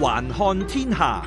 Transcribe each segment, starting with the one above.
環看天下，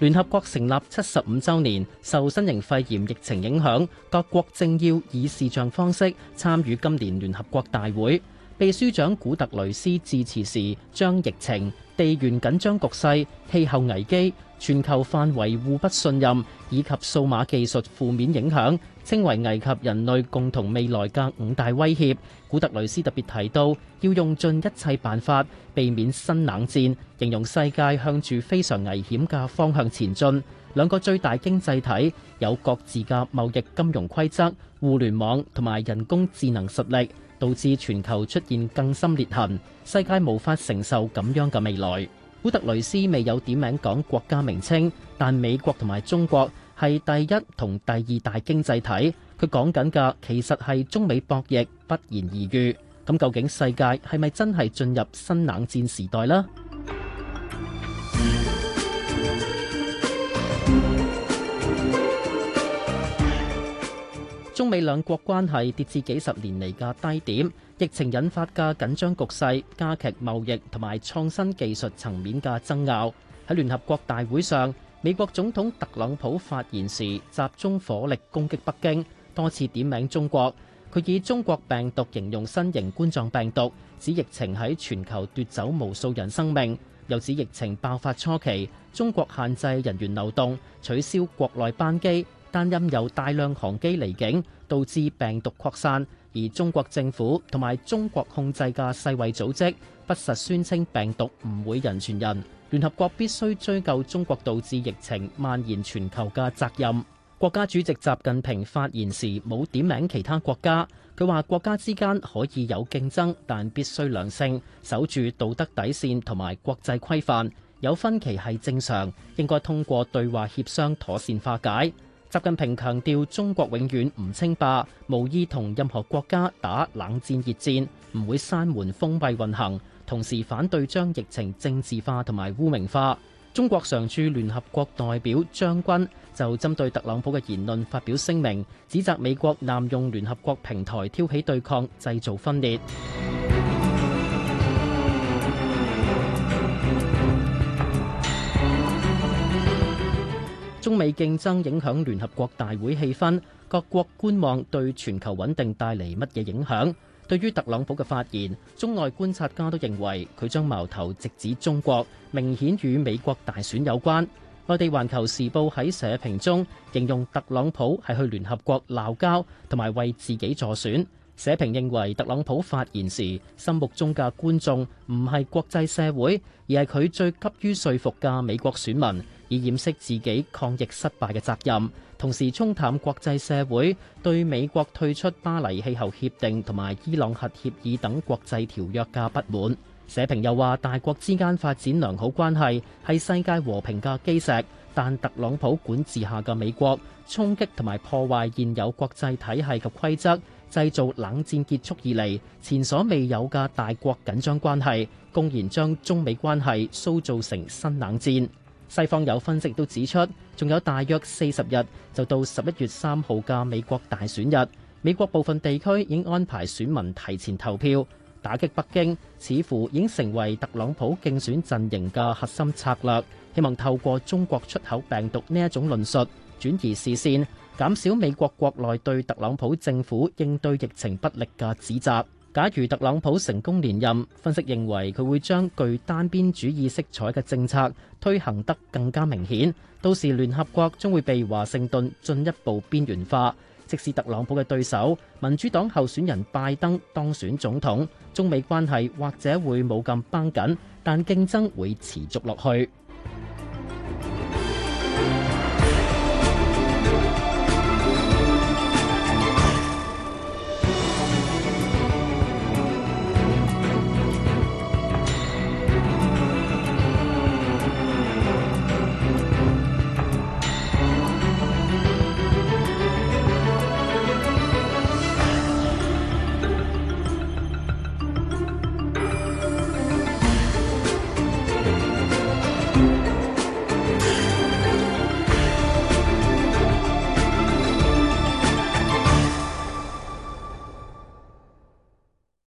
聯合國成立七十五周年，受新型肺炎疫情影響，各國政要以視像方式參與今年聯合國大會。秘書長古特雷斯致辭時，將疫情、地緣緊張局勢、氣候危機、全球範圍互不信任以及數碼技術負面影響，稱為危及人類共同未來嘅五大威脅。古特雷斯特別提到，要用盡一切辦法避免新冷戰，形容世界向住非常危險嘅方向前進。兩個最大經濟體有各自嘅貿易、金融規則、互聯網同埋人工智能實力。導致全球出現更深裂痕，世界無法承受咁樣嘅未來。古特雷斯未有點名講國家名稱，但美國同埋中國係第一同第二大經濟體，佢講緊嘅其實係中美博弈，不言而喻。咁究竟世界係咪真係進入新冷戰時代呢？中美兩國關係但任由大量航機離境，導致病毒擴散，而中國政府同埋中國控制嘅世衛組織不實宣稱病毒唔會人傳人。聯合國必須追究中國導致疫情蔓延全球嘅責任。國家主席習近平發言時冇點名其他國家，佢話國家之間可以有競爭，但必須良性，守住道德底線同埋國際規範。有分歧係正常，應該通過對話協商妥善化解。習近平強調，中國永遠唔稱霸，無意同任何國家打冷戰熱戰，唔會閂門封閉運行，同時反對將疫情政治化同埋污名化。中國常駐聯合國代表張軍就針對特朗普嘅言論發表聲明，指責美國濫用聯合國平台挑起對抗，製造分裂。中美競爭影響聯合國大會氣氛，各國觀望對全球穩定帶嚟乜嘢影響？對於特朗普嘅發言，中外觀察家都認為佢將矛頭直指中國，明顯與美國大選有關。內地《環球時報》喺社評中形容特朗普係去聯合國鬧交，同埋為自己助選。社評認為，特朗普發言時心目中嘅觀眾唔係國際社會，而係佢最急於說服嘅美國選民，以掩飾自己抗疫失敗嘅責任。同時，沖淡國際社會對美國退出巴黎氣候協定同埋伊朗核協議等國際條約嘅不滿。社評又話，大國之間發展良好關係係世界和平嘅基石，但特朗普管治下嘅美國衝擊同埋破壞現有國際體系嘅規則製造冷戰結束以來前所未有嘅大國緊張關係，公然將中美關係塑造成新冷戰。西方有分析都指出，仲有大約四十日就到十一月三號嘅美國大選日，美國部分地區已經安排選民提前投票。打擊北京似乎已經成為特朗普競選陣營嘅核心策略，希望透過中國出口病毒呢一種論述轉移視線。減少美國國內對特朗普政府應對疫情不力嘅指責，假如特朗普成功連任，分析認為佢會將具單邊主義色彩嘅政策推行得更加明顯，到時聯合國將會被華盛頓進一步邊緣化。即使特朗普嘅對手，民主黨候選人拜登當選總統，中美關係或者會冇咁繃緊，但競爭會持續落去。